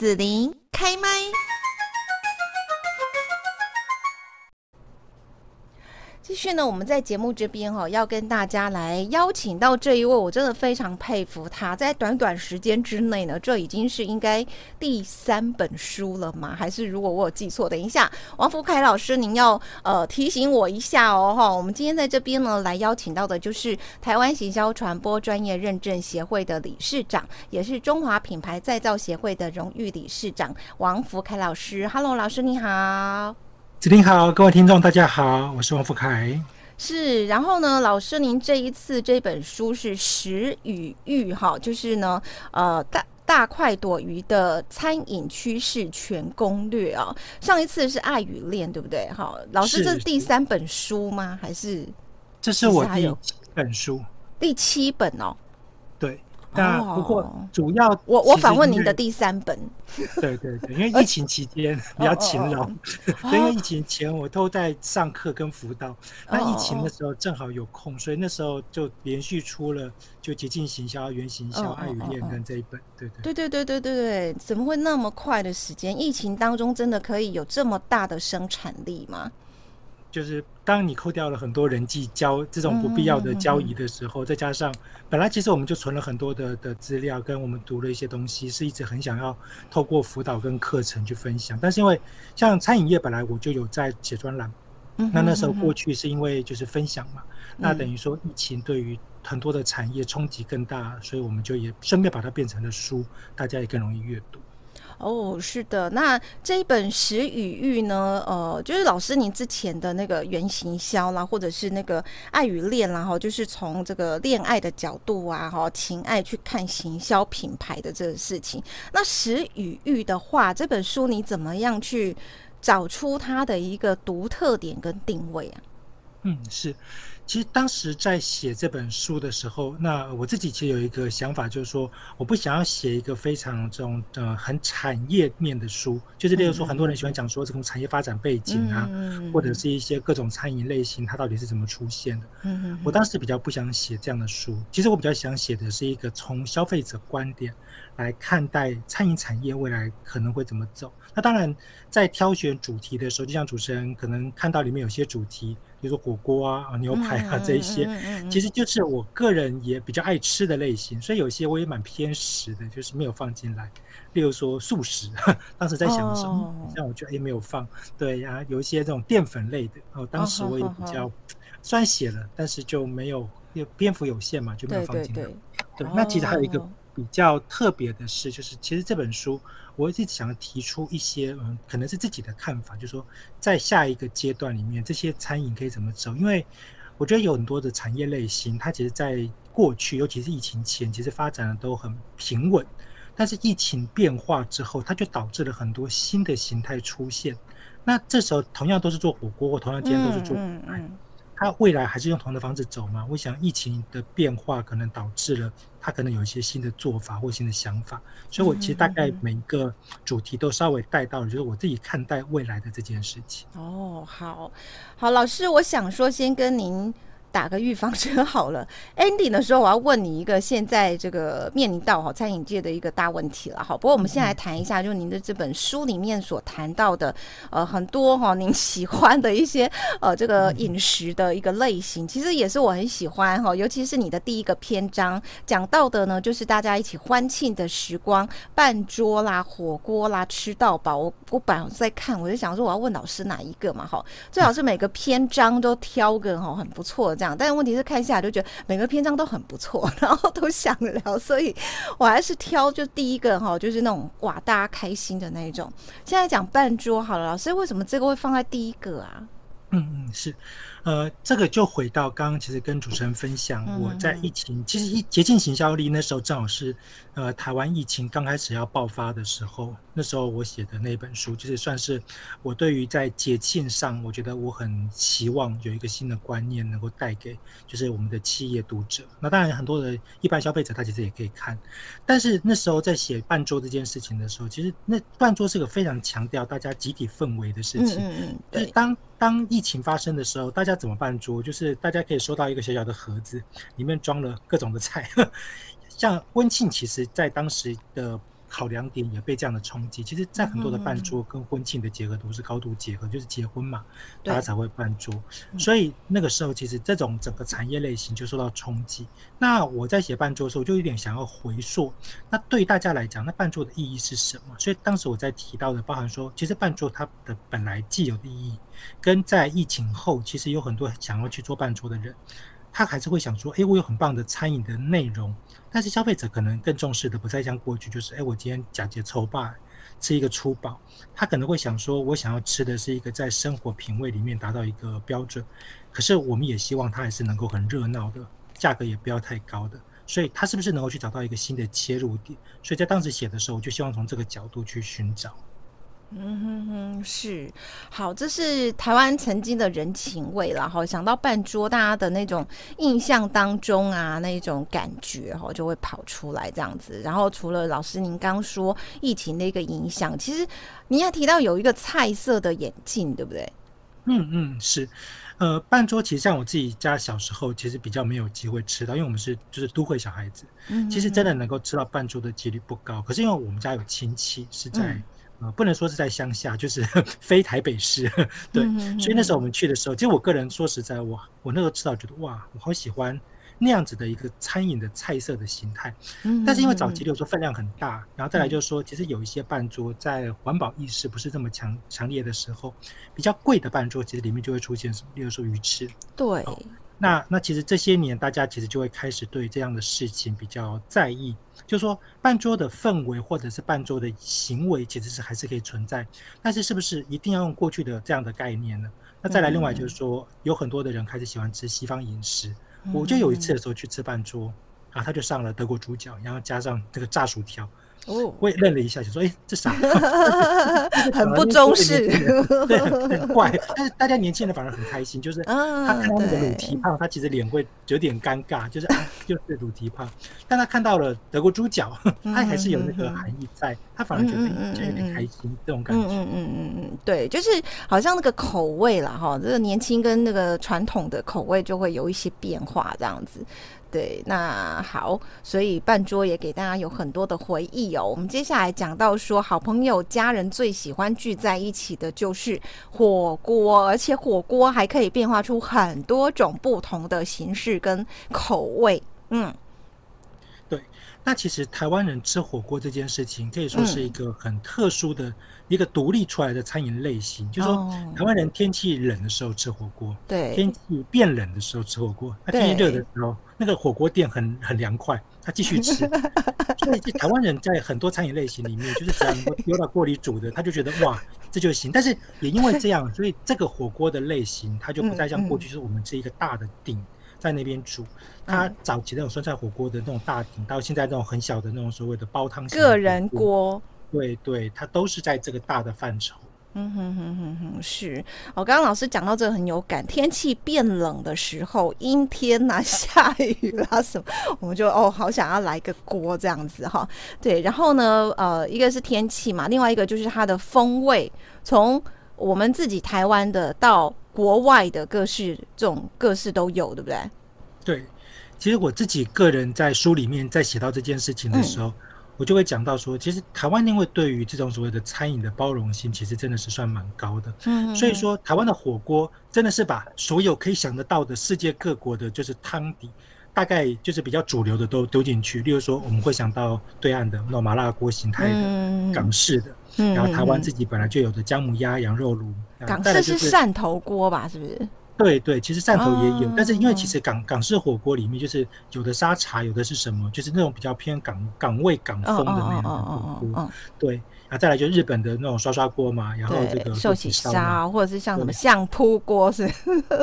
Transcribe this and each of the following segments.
子琳開麥。繼續呢，我們在節目這邊哈、哦，要跟大家來邀請到這一位，我真的非常佩服他，在短短時間之內呢，這已經是應該第三本書了嗎？還是如果我有記錯，等一下，王福闓老師，您要呃提醒我一下哦哈。我們今天在這邊呢，來邀請到的就是台灣行銷傳播專業認證協會的理事長，也是中華品牌再造協會的榮譽理事長王福闓老師。Hello，老師你好。子琳好，各位聽眾大家好，我是王福闓。是，然後呢，老師您這一次這本書是食與欲哈，就是呢，呃，大大快朵頤的餐飲趨勢全攻略啊，哦。上一次是愛與戀，對不對？好，老師這是第三本書嗎？還是？這是我還有七本書？第七本，第七本哦。對。那不過主要我我訪問您的第三本，對對對，因為疫情期間比較勤勞，因為疫情前我都在上課跟輔導。那疫情的時候正好有空，所以那時候就連續出了就接近行銷、元行銷、愛與戀跟這一本，對對對對對對對,對，怎麼會那麼快的時間？疫情當中真的可以有這麼大的生產力嗎？就是當你扣掉了很多人際交這種不必要的交易的時候，嗯嗯嗯嗯，再加上本來其實我們就存了很多的的資料，跟我們讀了一些東西，是一直很想要透過輔導跟課程去分享。但是因為像餐飲業本來我就有在寫專欄，嗯嗯嗯嗯嗯，那那時候過去是因為就是分享嘛。嗯嗯嗯，那等於說疫情對於很多的產業衝擊更大，所以我們就也順便把它變成了書，大家也更容易閱讀。哦，是的，那這一本《食與慾》呢，呃，就是老師您之前的那個《元行銷》啦，或者是那個《愛與戀》啦，哈，就是從這個戀愛的角度啊，哈，情愛去看行銷品牌的這個事情。那《食與慾》的話，這本書你怎麼樣去找出它的一個獨特點跟定位啊？嗯，是。其實當時在寫這本書的時候，那我自己其實有一個想法，就是說我不想要寫一個非常這種呃很產業面的書，就是例如說很多人喜歡講說這種產業發展背景啊，嗯嗯嗯嗯，或者是一些各種餐飲類型它到底是怎麼出現的。嗯嗯嗯，我當時比較不想寫這樣的書，其實我比較想寫的是一個從消費者觀點來看待餐飲產業未來可能會怎麼走。那當然在挑選主題的時候，就像主持人可能看到裡面有些主題。比如說火鍋啊、牛排啊這一些，嗯嗯嗯、其實就是我個人也比較愛吃的類型，所以有些我也蠻偏食的，就是沒有放進來。例如說素食，當時在想什麼、哦嗯，像我就也、欸、沒有放，對呀、啊，有一些這種澱粉類的，哦、哦，當時我也比較，雖然寫了，哦嗯、但是就沒有，就篇幅有限嘛，就沒有放進來。對、對、對，對哦、那其實還有一個比較特別的事，就是其實這本書。我一直想要提出一些，嗯，可能是自己的看法，就是說在下一個階段裡面，這些餐飲可以怎麼走？因為我覺得有很多的產業類型，它其實在過去，尤其是疫情前，其實發展的都很平穩，但是疫情變化之後，它就導致了很多新的形態出現。那這時候，同樣都是做火鍋，我同樣今天都是做。嗯嗯嗯他未來還是用同樣的方式走嗎？我想疫情的變化可能導致了他可能有一些新的做法或新的想法，所以我其實大概每一個主題都稍微帶到了，嗯、哼哼就是我自己看待未來的這件事情。哦，好，好，老師，我想說先跟您。打個預防針好了，ending 的時候我要問你一個現在這個面臨到哈餐飲界的一個大問題了，好，不過我們先來談一下，就是您的這本書裡面所談到的，呃很多哈、哦、您喜歡的一些呃這個飲食的一個類型，其實也是我很喜歡哈、哦，尤其是你的第一個篇章講到的呢，就是大家一起歡慶的時光，辦桌啦、火鍋啦、吃到飽，我我本來在看我就想說我要問老師哪一個嘛哈，最好是每個篇章都挑個哈很不錯的。但是問題是看下來就覺得每個篇章都很不錯，然後都想聊，所以我還是挑就第一個哈，就是那種哇，大家開心的那一種。現在講辦桌好了，老師為什麼這個會放在第一個啊？嗯嗯是。呃，這個就回到剛剛，其實跟主持人分享，我在疫情，嗯、哼其實一節慶行銷力，那時候正好是，呃，台灣疫情剛開始要爆發的時候，那時候我寫的那本書，就是算是我對於在節慶上，我覺得我很希望有一個新的觀念能夠帶給，就是我們的企業讀者。那當然很多的一般消費者他其實也可以看，但是那時候在寫辦桌這件事情的時候，其實那辦桌是個非常強調大家集體氛圍的事情，嗯嗯、呃、但是當當疫情發生的時候，大家。那怎麼辦桌，就是大家可以收到一個小小的盒子，裡面裝了各種的菜。呵呵像溫慶，其實，在當時的。考量點也被這樣的衝擊，其實，在很多的辦桌跟婚慶的結合都是高度結合，就是結婚嘛，大家才會辦桌，所以那個時候其實這種整個產業類型就受到衝擊。那我在寫辦桌的時候，我就有點想要回溯，那對大家來講，那辦桌的意義是什麼？所以當時我在提到的，包含說，其實辦桌它的本來既有的意義，跟在疫情後，其實有很多想要去做辦桌的人。他還是會想說，誒，我有很棒的餐飲的內容，但是消費者可能更重視的不再像過去，就是誒，我今天假節抽霸吃一個粗飽，他可能會想說，我想要吃的是一個在生活品味裡面達到一個標準，可是我們也希望他還是能夠很熱鬧的，價格也不要太高的，所以他是不是能夠去找到一個新的切入點？所以在當時寫的時候，我就希望從這個角度去尋找。嗯哼哼，是好，這是台灣曾經的人情味，然後想到辦桌大家的那種印象當中啊，那一種感覺哈，就會跑出來這樣子。然後除了老師您剛說疫情的一個影響，其實您也提到有一個菜色的演進，對不對？嗯嗯，是。呃，辦桌其實像我自己家小時候，其實比較沒有機會吃到，因為我們是就是都會小孩子，嗯、哼哼，其實真的能夠吃到辦桌的幾率不高。可是因為我們家有親戚是在、嗯。呃、不能說是在鄉下，就是非台北市，對。嗯嗯嗯，所以那時候我們去的時候，其實我個人說實在，哇，我那時候吃到覺得，哇，我好喜歡那樣子的一個餐飲的菜色的形態。嗯嗯嗯嗯，但是因為早期就是說分量很大，然後再來就是說，其實有一些辦桌在環保意識不是這麼強、嗯、強烈的時候，比較貴的辦桌其實裡面就會出現什麼，比如說魚翅。對。哦那那其實這些年，大家其實就會開始對這樣的事情比較在意，就是說辦桌的氛圍或者是辦桌的行為，其實是還是可以存在，但是是不是一定要用過去的這樣的概念呢？那再來，另外就是說，有很多的人開始喜歡吃西方飲食，我記得有一次的時候去吃辦桌，啊，他就上了德國豬腳，然後加上這個炸薯條。Oh. 我也認也愣了一下，就說：“哎、欸，這啥？ 很不中式， 很怪。但是大家年輕人反而很開心，uh, 就是他看到那個滷蹄膀對他其實臉會有點尷尬，就是、啊、就是滷蹄膀。蹄 但他看到了德國豬腳，他還是有那個含義在，嗯嗯嗯他反而覺得，覺得有點很開心，嗯嗯嗯這種感覺。嗯嗯嗯嗯，對，就是好像那個口味啦哈，這個年輕跟那個傳統的口味就會有一些變化，這樣子。”對，那好，所以辦桌也給大家有很多的回憶哦。我們接下來講到說，好朋友、家人最喜歡聚在一起的就是火鍋，而且火鍋還可以變化出很多種不同的形式跟口味，嗯。那其實台灣人吃火鍋這件事情，可以說是一個很特殊的一個獨立出來的餐飲類型。就是說台灣人天氣冷的時候吃火鍋，天氣變冷的時候吃火鍋，那天氣熱的時候，那個火鍋店很很涼快，他繼續吃。所以台灣人在很多餐飲類型裡面，就是只要能夠丟到鍋裡煮的，他就覺得哇，這就行。但是也因為這樣，所以這個火鍋的類型，它就不再像過去就是我們吃一個大的鼎。在那邊煮，他早期那種酸菜火鍋的那種大鼎，嗯、到現在那種很小的那種所謂的煲湯個人鍋，對，對對，它都是在這個大的範疇。嗯哼哼哼哼，是。我剛剛老師講到這個很有感，天氣變冷的時候，陰天吶、啊，下雨啦、啊、什麼，我們就哦好想要來個鍋這樣子哈、哦。對，然後呢，呃，一個是天氣嘛，另外一個就是它的風味，從我們自己台灣的到。國外的各式這種各式都有，對不對？對，其實我自己個人在書裡面在寫到這件事情的時候，嗯、我就會講到說，其實台灣因為對於這種所謂的餐飲的包容性，其實真的是算蠻高的。嗯，嗯，嗯，所以說台灣的火鍋真的是把所有可以想得到的世界各國的，就是湯底。大概就是比較主流的都丟進去，例如說我們會想到對岸的那種麻辣鍋形態的、嗯、港式的，然後台灣自己本來就有的薑母鴨、羊肉爐。就是、港式是汕頭鍋吧？是不是？對，對對，其實汕頭也有，嗯、但是因為其實港港式火鍋裡面就是有的沙茶，有的是什麼，就是那種比較偏港港味、港風的那種火鍋，對。啊，再來就日本的那種刷刷鍋嘛，然後這個壽喜燒，或者是像什麼對相撲鍋是。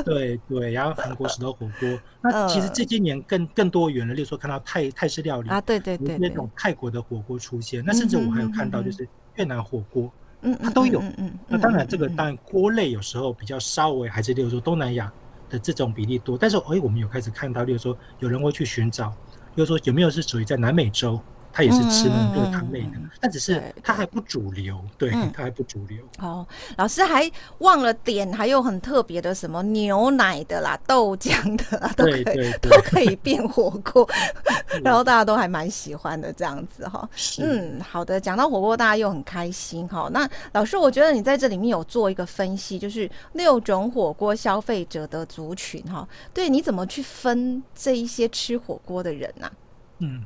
對 對，對，然後韓國石頭火鍋。 那其實這些年更更多元了，例如說看到泰泰式料理啊，對對對，對，對，那種泰國的火鍋出現，嗯哼嗯哼那甚至我還有看到就是越南火鍋，嗯，哼嗯哼它都有。嗯，哼嗯哼那當然，這個當然鍋類有時候比較稍微還是，例如說東南亞的這種比例多，但是哎，我們有開始看到，例如說有人會去尋找，例如說有沒有是屬於在南美洲。他也是吃那個湯類的，嗯嗯嗯，但只是他還不主流，對，對，對，他還不主流，嗯。哦，老師還忘了點，還有很特別的什麼牛奶的啦、豆漿的啦，都可以對對對，都可以變火鍋， 對 然後大家都還蠻喜歡的這樣子哈。對嗯，好的，講到火鍋，大家又很開心哈是，嗯。那老師，我覺得你在這裡面有做一個分析，就是六種火鍋消費者的族群哈。對，你怎麼去分這一些吃火鍋的人呢，啊？嗯。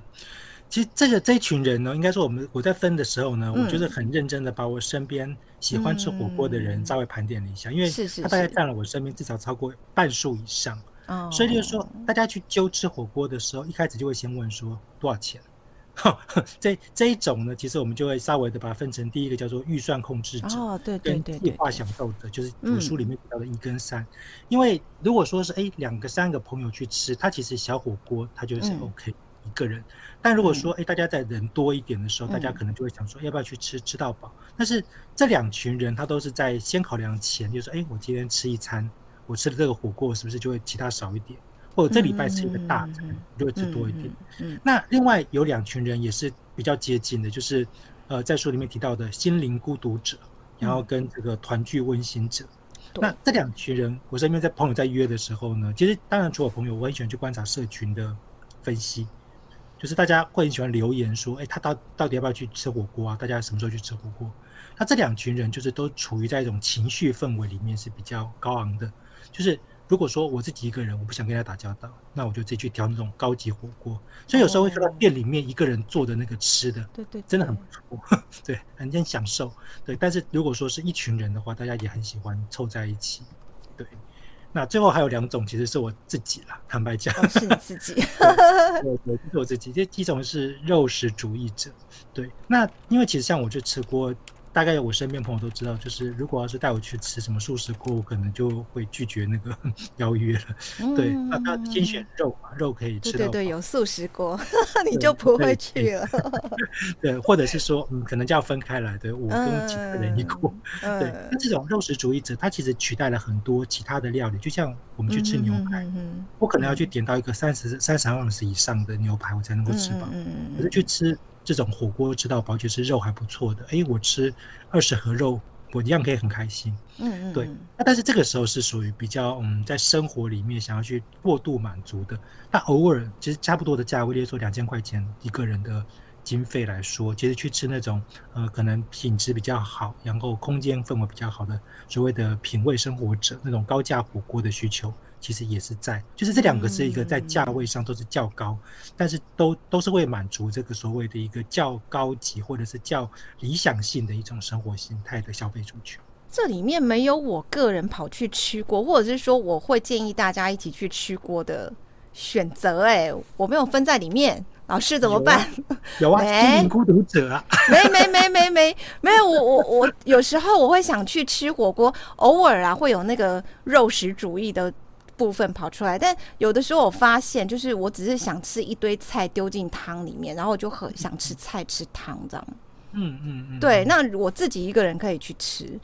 其實這個這一群人呢，應該說我們我在分的時候呢、嗯，我就是很認真的把我身邊喜歡吃火鍋的人稍微盤點了一下，因為他大概占了我身邊至少超過半數以上，所以就是說大家去揪吃火鍋的時候，一開始就會先問說多少錢。這這一種呢，其實我們就會稍微的把它分成第一個叫做預算控制者，哦對，對，計劃享受者，就是我書裡面提到的一跟三。因為如果說是誒、欸、兩個三個朋友去吃，他其實小火鍋他就是 OK、嗯。嗯一個人，但如果說，誒、欸，大家在人多一點的時候，嗯、大家可能就會想說，要不要去吃、嗯、吃到飽？但是這兩群人，他都是在先考量錢，就是誒，哎、欸，我今天吃一餐，我吃的這個火鍋是不是就會其他少一點？嗯、或者這禮拜吃一個大餐，嗯、就會吃多一點。嗯嗯嗯、那另外有兩群人也是比較接近的，就是呃，在書裡面提到的心靈孤獨者，嗯、然後跟這個團聚溫馨者。嗯、那這兩群人，我身邊在朋友在約的時候呢，對其實當然除了我朋友，我很喜歡去觀察社群的分析。就是大家會很喜歡留言說，哎，他到到底要不要去吃火鍋啊？大家什麼時候去吃火鍋？那這兩群人就是都處於在一種情緒氛圍裡面是比較高昂的。就是如果說我自己一個人，我不想跟他打交道，那我就自己去挑那種高級火鍋。所以有時候會看到店裡面一個人做的那個吃的，嗯、對，對，對，真的很不錯，呵呵，對，很很享受。對，但是如果說是一群人的話，大家也很喜歡湊在一起，對。那最後還有兩種，其實是我自己啦，坦白講，哦，是你自己，我就 是我自己。這幾種是肉食主義者。對，那因為其實像我就吃過。大概我身邊朋友都知道，就是如果要是帶我去吃什麼素食鍋，我可能就會拒絕那個邀約了。對，那他先選肉，肉可以吃到。對，對對，有素食鍋，對 你就不會去了。對，對， 對，或者是說，嗯、可能就要分開來，對，我跟根幾個人一鍋。嗯嗯嗯對，那這種肉食主義者，他其實取代了很多其他的料理。就像我們去吃牛排，嗯嗯嗯嗯我可能要去點到一個三十、三十盎司以上的牛排，我才能夠吃飽。我就、嗯嗯嗯、去吃。這種火鍋吃到飽，其實是肉還不錯的。哎、欸，我吃二十盒肉，我一樣可以很開心。嗯嗯,嗯，對。那但是這個時候是屬於比較、嗯、在生活裡面想要去過度滿足的。那偶爾其實差不多的價位，例如說兩千塊錢一個人的經費來說，其實去吃那種呃可能品質比較好，然後空間氛圍比較好的所謂的品味生活者那種高價火鍋的需求。其實也是在，就是這兩個是一個在價位上都是較高，嗯、但是都都是會滿足這個所謂的一個較高級或者是較理想性的一種生活形態的消費族群。這裡面沒有我個人跑去吃過，或者是說我會建議大家一起去吃過的選擇，欸。哎，我沒有分在裡面，老師怎麼辦？有啊，你、啊、沒孤獨者啊， 沒沒沒沒沒沒有。我我我有時候我會想去吃火鍋，偶爾啊會有那個肉食主義的部分跑出來，但有的時候我發現，就是我只是想吃一堆菜丟進湯裡面，然後我就很想吃菜吃湯這樣。嗯嗯，嗯嗯對。那我自己一個人可以去吃，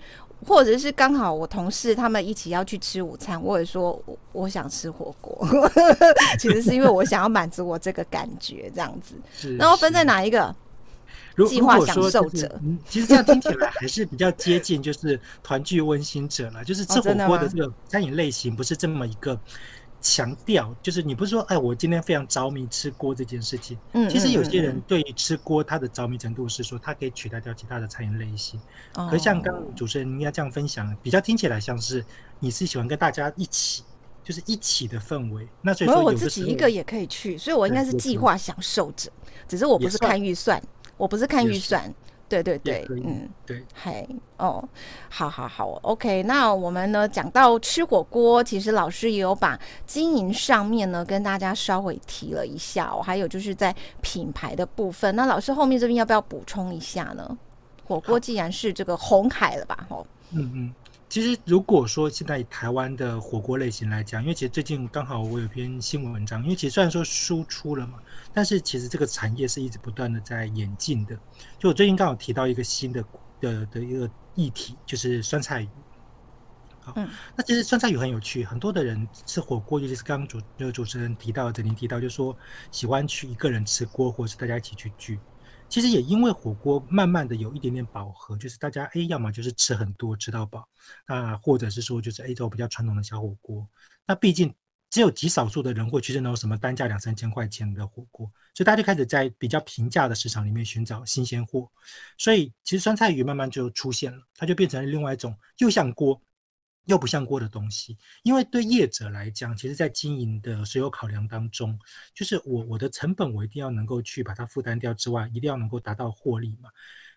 或者是剛好我同事他們一起要去吃午餐，或者說我，我想吃火鍋， 其實是因為我想要滿足我這個感覺這樣子。然後分在哪一個？計劃享受者，其實這樣聽起來還是比較接近，就是團聚溫馨者了。就是吃火鍋的這個餐飲類型，不是這麼一個強調。就是你不是說，哎，我今天非常着迷吃鍋這件事情。嗯，其實有些人對於吃鍋，他的着迷程度是說，他可以取代掉其他的餐飲類型。哦，可像剛剛主持人應該這樣分享，比較聽起來像是你是喜歡跟大家一起，就是一起的氛圍。那所以說我自己一個也可以去，所以我應該是計劃享受者，只是我不是看預算。我不是看預算，Yes. 對對對，yeah, can. 嗯，對，嗨，哦，好好好，OK，那我們呢講到吃火鍋，其實老師也有把經營上面呢跟大家稍微提了一下，還有就是在品牌的部分，Yeah. 那老師後面這邊要不要補充一下呢？Okay. 火鍋既然是這個紅海了吧，哈，嗯嗯。嗯其實，如果說現在台灣的火鍋類型來講，因為其實最近剛好我有篇新聞文章，因為其實雖然說輸出了嘛，但是其實這個產業是一直不斷的在演進的。就我最近剛好提到一個新的的的一個議題，就是酸菜魚。好，嗯、那其實酸菜魚很有趣，很多的人吃火鍋，尤其是剛剛主主持人提到，整天提到，就是說喜歡去一個人吃鍋，或者是大家一起去聚。其實也因為火鍋慢慢的有一點點飽和，就是大家哎，要麼就是吃很多吃到飽，那、呃、或者是說就是 A 州、哎、比較傳統的小火鍋，那畢竟只有極少數的人會去吃那種什麼單價兩三千塊錢的火鍋，所以大家就開始在比較平價的市場裡面尋找新鮮貨，所以其實酸菜魚慢慢就出現了，它就變成另外一種又像鍋又不像鍋的東西，因為對業者來講，其實在經營的所有考量當中，就是我我的成本我一定要能夠去把它負擔掉之外，一定要能夠達到獲利嘛。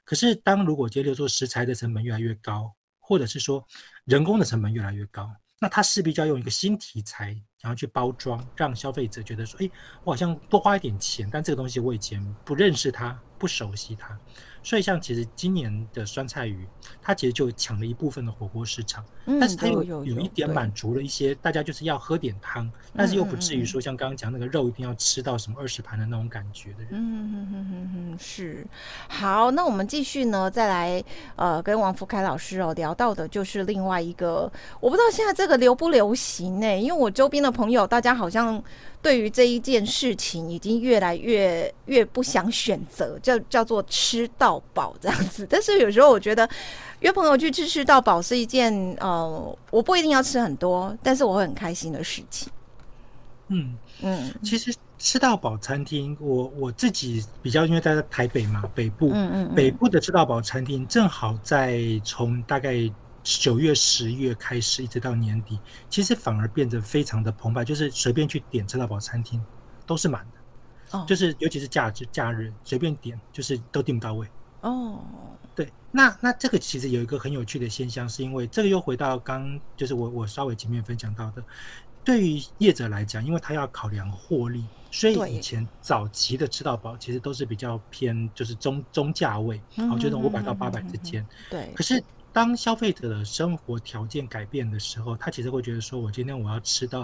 可是當如果接著做食材的成本越來越高，或者是說人工的成本越來越高，那它勢必就要用一個新題材。然後去包裝，讓消費者覺得說：“哎，我好像多花一點錢，但這個東西我以前不認識它，不熟悉它。”所以，像其實今年的酸菜魚，它其實就搶了一部分的火鍋市場，嗯、但是它又有一點滿足了一些大家就是要喝點湯，對但是又不至於說像剛剛講那個肉一定要吃到什麼二十盤的那種感覺的人。嗯嗯嗯嗯嗯，是。好，那我們繼續呢，再來呃，跟王福闓老師哦聊到的就是另外一個，我不知道現在這個流不流行呢？因為我周邊的。朋友，大家好像對於這一件事情已經越來越越不想選擇，叫叫做吃到飽這樣子。但是有時候我覺得，約朋友去吃吃到飽是一件，呃，我不一定要吃很多，但是我會很開心的事情。嗯嗯，其實吃到飽餐廳，我我自己比較因為在台北嘛，北部，嗯，嗯嗯，北部的吃到飽餐廳正好在從大概。九月、十月開始，一直到年底，其實反而變得非常的澎湃，就是隨便去點吃到飽餐廳都是滿的，哦，oh. 就是尤其是假日、假日隨便點，就是都訂不到位。哦，oh. 對，那那這個其實有一個很有趣的現象，是因為這個又回到剛就是我我稍微前面分享到的，對於業者來講，因為他要考量獲利，所以以前早期的吃到飽其實都是比較偏就是中中價位，我覺得五百到八百之間， 對，可是。當消費者的生活條件改變的時候，他其實會覺得說，我今天我要吃到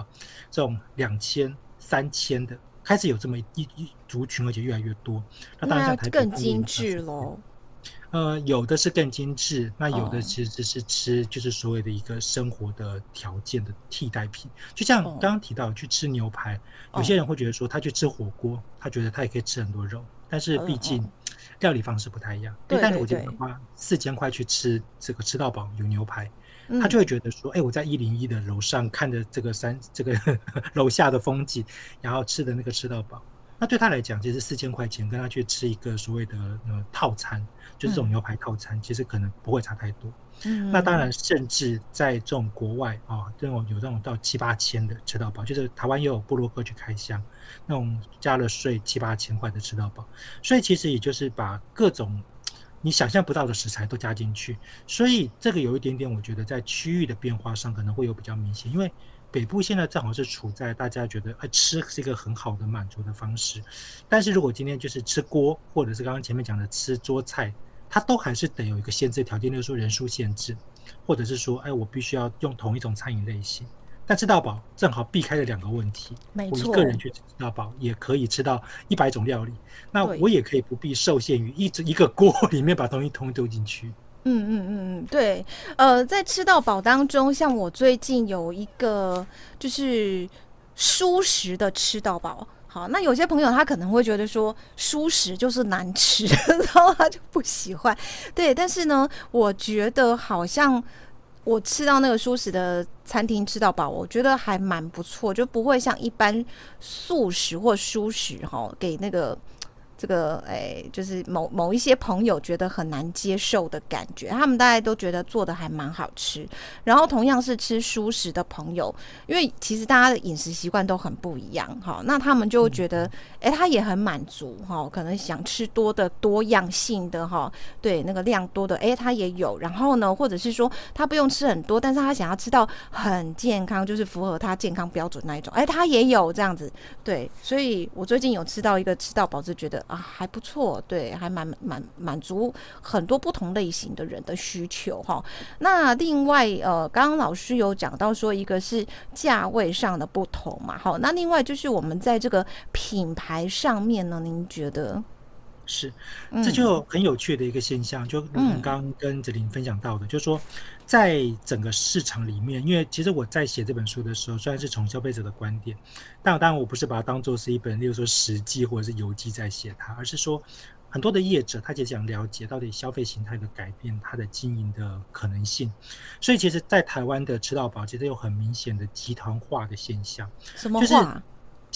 這種兩千、三千的，開始有這麼一,一族群，而且越來越多。那當然那更精致嘍。呃，有的是更精致，嗯、那有的其實只是吃，就是所謂的一個生活的條件的替代品。哦、就像剛剛提到去吃牛排，哦、有些人會覺得說，他去吃火鍋，他覺得他也可以吃很多肉。但是畢竟，料理方式不太一樣。但是我覺得花四千塊去吃這個吃到飽，有牛排，他就會覺得說，哎、嗯欸，我在一零一的樓上看着這個山，這個呵呵樓下的風景，然後吃的那個吃到飽，那對他來講其實四千塊錢跟他去吃一個所謂的呃套餐。就是這種牛排套餐，其實可能不會差太多。嗯嗯嗯嗯、那當然，甚至在這種國外啊，這種有這種到七八千的吃到飽，就是台灣也有部落客去開箱那種加了稅七八千塊的吃到飽。所以其實也就是把各種你想象不到的食材都加進去。所以這個有一點點，我覺得在區域的變化上可能會有比較明顯。因為北部現在正好是處在大家覺得哎，吃是一個很好的滿足的方式。但是如果今天就是吃鍋，或者是剛剛前面講的吃桌菜，它都還是得有一個限制條件，例如說人數限制，或者是說，哎，我必須要用同一種餐飲類型。但吃到飽正好避開了兩個問題，錯我一個人去吃到飽也可以吃到一百種料理，對那我也可以不必受限於一一個鍋裡面把東西統統丟進去。嗯嗯嗯嗯，對。呃，在吃到飽當中，像我最近有一個就是蔬食的吃到飽。啊，那有些朋友他可能會覺得說，素食就是難吃，然後他就不喜歡。對，但是呢，我覺得好像我吃到那個蔬食的餐廳吃到飽，我覺得還蠻不錯，就不會像一般素食或蔬食哈給那個。這個哎，就是某某一些朋友覺得很難接受的感覺，他們大概都覺得做的還蠻好吃。然後同樣是吃蔬食的朋友，因為其實大家的飲食習慣都很不一樣，哈、哦，那他們就會覺得，哎、嗯，他也很滿足，哈、哦，可能想吃多的多樣性的，哈、哦，對，那個量多的，哎，他也有。然後呢，或者是說他不用吃很多，但是他想要吃到很健康，就是符合他健康標準那一種，哎，他也有這樣子。對，所以我最近有吃到一個吃到飽是覺得。啊，還不錯，對，還蠻滿滿足很多不同類型的人的需求哈。那另外，呃，剛剛老師有講到說一個是價位上的不同嘛，哈，那另外就是我們在這個品牌上面呢，您覺得？是，這就很有趣的一個現象，嗯、就我們剛跟子琳分享到的，嗯、就是說，在整個市場裡面，因為其實我在寫這本書的時候，雖然是從消費者的觀點，但當然我不是把它當做是一本例如說食記或者是遊記在寫它，而是說很多的業者，他其實想了解到底消費形態的改變，它的經營的可能性。所以其實，在台灣的吃到飽，其實有很明顯的集團化的現象，什麼話、就是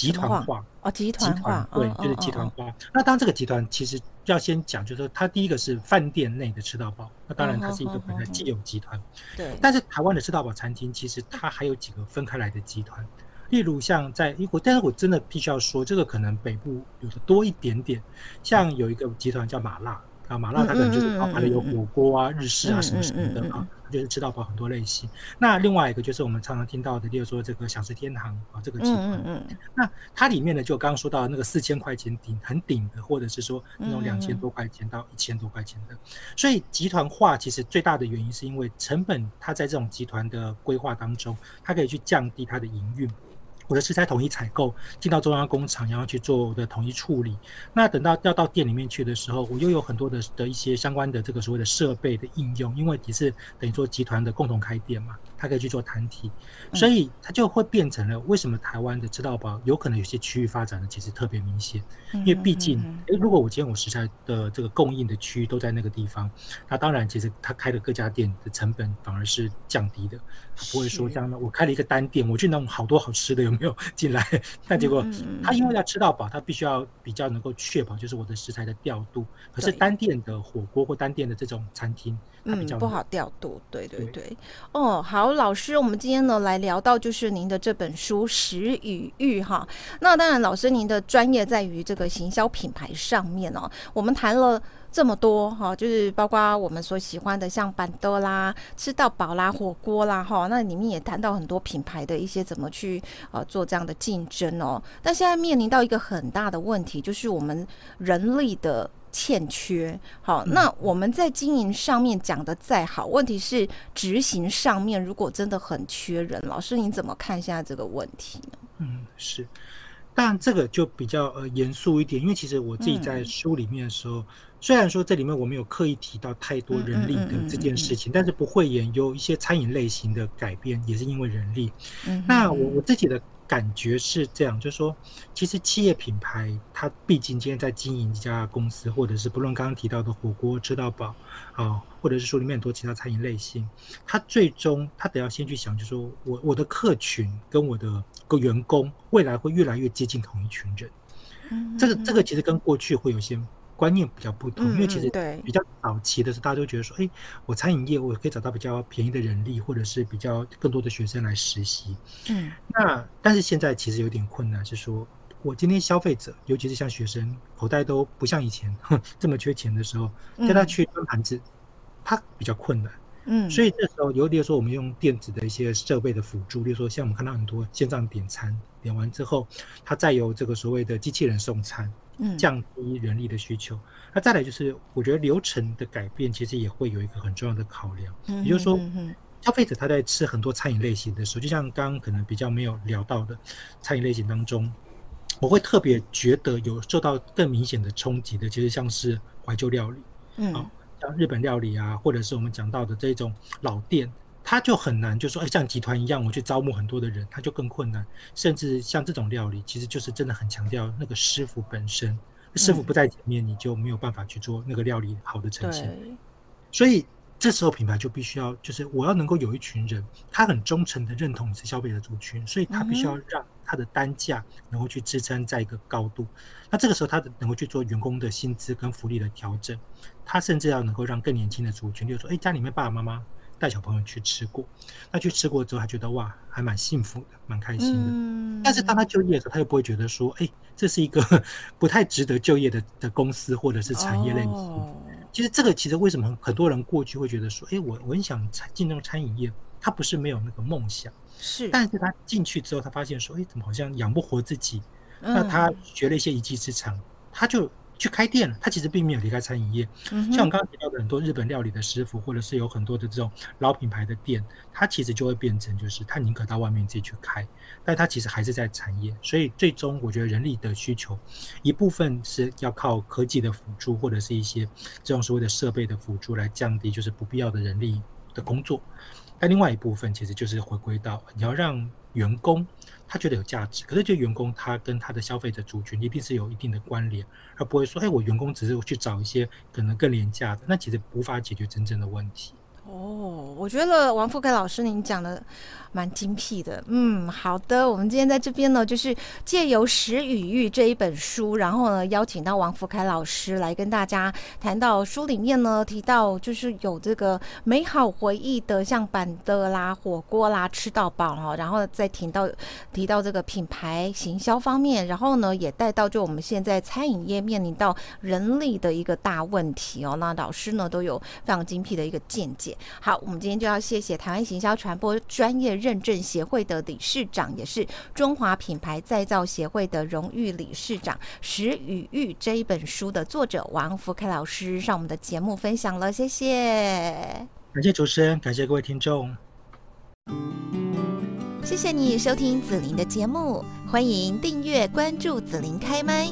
集團化，哦，集團化集團，對，哦、就是集團化。哦哦、那當這個集團其實要先講，就是說，它第一個是飯店內的吃到飽，哦、那當然它是一個本來既有集團。對、哦，哦哦、但是台灣的吃到飽餐廳其實它還有幾個分開來的集團，對例如像在，英國但是我真的必須要說，這個可能北部有的多一點點，像有一個集團叫馬辣。嗯啊，麻辣它可能就是、嗯嗯嗯、啊，有火鍋啊、嗯嗯、日式啊什麼什麼的啊，就是吃到飽很多類型。嗯嗯嗯、那另外一個就是我們常常聽到的，例如說這個“小吃天堂”啊，這個集團。嗯嗯嗯、那它裡面呢，就剛剛說到那個四千塊錢頂很頂的，或者是說那種兩千多塊錢到一千多塊錢的，所以集團化其實最大的原因是因為成本，它在這種集團的規劃當中，它可以去降低它的營運。我的食材統一採購，進到中央工廠，然後去做我的統一處理。那等到要到店裡面去的時候，我又有很多的的一些相關的這個所謂的設備的應用，因為也是等於說集團的共同開店嘛。它可以去做團體，嗯，所以它就會變成了為什麼台灣的吃到飽有可能有些區域發展的其實特別明顯，因為畢竟，哎，如果我今天我食材的這個供應的區域都在那個地方，那當然其實他開的各家店的成本反而是降低的，不會說這樣呢我開了一個單店，我去弄好多好吃的有沒有進來？但結果他因為要吃到飽，他必須要比較能夠確保就是我的食材的調度，可是單店的火鍋或單店的這種餐廳。嗯，不好調度，對對對。嗯、哦，好，老師，我們今天呢來聊到就是您的這本書《食與欲》哈。那當然，老師您的專業在於這個行銷品牌上面哦。我們談了這麼多哈，就是包括我們所喜歡的像辦桌啦、吃到飽啦、火鍋啦哈。那裡面也談到很多品牌的一些怎麼去呃做這樣的競爭哦。但現在面臨到一個很大的問題，就是我們人力的。欠缺。好，那我們在經營上面講的再好，嗯、問題是執行上面如果真的很缺人，老師你怎麼看現在這個問題呢？嗯，是，但這個就比較呃嚴肅一點，因為其實我自己在書裡面的時候，嗯、雖然說這裡面我沒有刻意提到太多人力的這件事情，嗯嗯嗯嗯、但是不會研究一些餐飲類型的改變、嗯、也是因為人力。嗯、那我我自己的。感覺是這樣，就是說，其實企業品牌它畢竟今天在經營一家公司，或者是不論剛剛提到的火鍋、吃到飽啊、呃，或者是說裡面很多其他餐飲類型，它最終它得要先去想，就是說我我的客群跟我的個員工未來會越來越接近同一群人，這個這個其實跟過去會有些。Hmm. 觀念比較不同，因為其實比較早期的時候，大家都覺得說，哎、嗯，我餐飲業我可以找到比較便宜的人力，或者是比較更多的學生來實習。嗯，那但是現在其實有點困難，是說我今天消費者，尤其是像學生，口袋都不像以前這麼缺錢的時候，叫他去端盤子，嗯、他比較困難。嗯，所以這時候，尤其是說我們用電子的一些設備的輔助，例如說，像我們看到很多線上點餐，點完之後，他再由這個所謂的機器人送餐。降低人力的需求，那再來就是，我覺得流程的改變其實也會有一個很重要的考量，也就是說，消費者他在吃很多餐飲類型的時候，就像剛剛可能比較沒有聊到的餐飲類型當中，我會特別覺得有受到更明顯的衝擊的，其實像是懷舊料理，嗯，像日本料理啊，或者是我們講到的這種老店，他就很難，就說，哎，像集團一樣，我去招募很多的人，他就更困難。甚至像這種料理，其實就是真的很強調那個師傅本身，嗯、師傅不在前面，你就沒有辦法去做那個料理好的呈現。對所以這時候品牌就必須要，就是我要能夠有一群人，他很忠誠的認同是消費者的族群，所以他必須要讓他的單價能夠去支撐在一個高度。嗯、那這個時候，他能夠去做員工的薪資跟福利的調整，他甚至要能夠讓更年輕的族群，就說，哎，家裡面爸爸媽媽。帶小朋友去吃過，他去吃過之後，他覺得哇，還蠻幸福的，蠻開心的。嗯、但是當他就業的時候，他又不會覺得說，哎、欸，這是一個不太值得就業的的公司或者是產業類型。哦、其實這個其實為什麼很多人過去會覺得說，哎、欸，我我很想進那個餐飲業，他不是沒有那個夢想，是，但是他進去之後，他發現說，哎、欸，怎麼好像養不活自己？那他學了一些一技之長，嗯、他就。去開店了，他其實並沒有離開餐飲業。像我剛剛提到的很多日本料理的師傅，或者是有很多的這種老品牌的店，它其實就會變成，就是他寧可到外面自己去開，但它其實還是在產業。所以最終，我覺得人力的需求一部分是要靠科技的輔助，或者是一些這種所謂的設備的輔助來降低就是不必要的人力的工作。但另外一部分其實就是回歸到你要讓員工。他覺得有價值，可是就員工他跟他的消費者族群一定是有一定的關聯，而不會說，哎，我員工只是去找一些可能更廉價的，那其實無法解決真正的問題。哦，我覺得王福闓老師您講的蠻精闢的。嗯，好的，我們今天在這邊呢，就是借由《食與慾》這一本書，然後呢邀請到王福闓老師來跟大家談到書裡面呢提到，就是有這個美好回憶的像辦桌啦火鍋啦吃到飽哈、哦，然後再提到提到這個品牌行銷方面，然後呢也帶到就我們現在餐飲業面臨到人力的一個大問題哦，那老師呢都有非常精闢的一個見解。好，我們今天就要謝謝台灣行銷傳播專業認證協會的理事長，也是中華品牌再造協會的榮譽理事長《食與慾》這一本書的作者王福闓老師上我們的節目分享了，謝謝，感謝主持人，感謝各位聽眾，謝謝你收聽子琳的節目，歡迎訂閱關注子琳。開麥。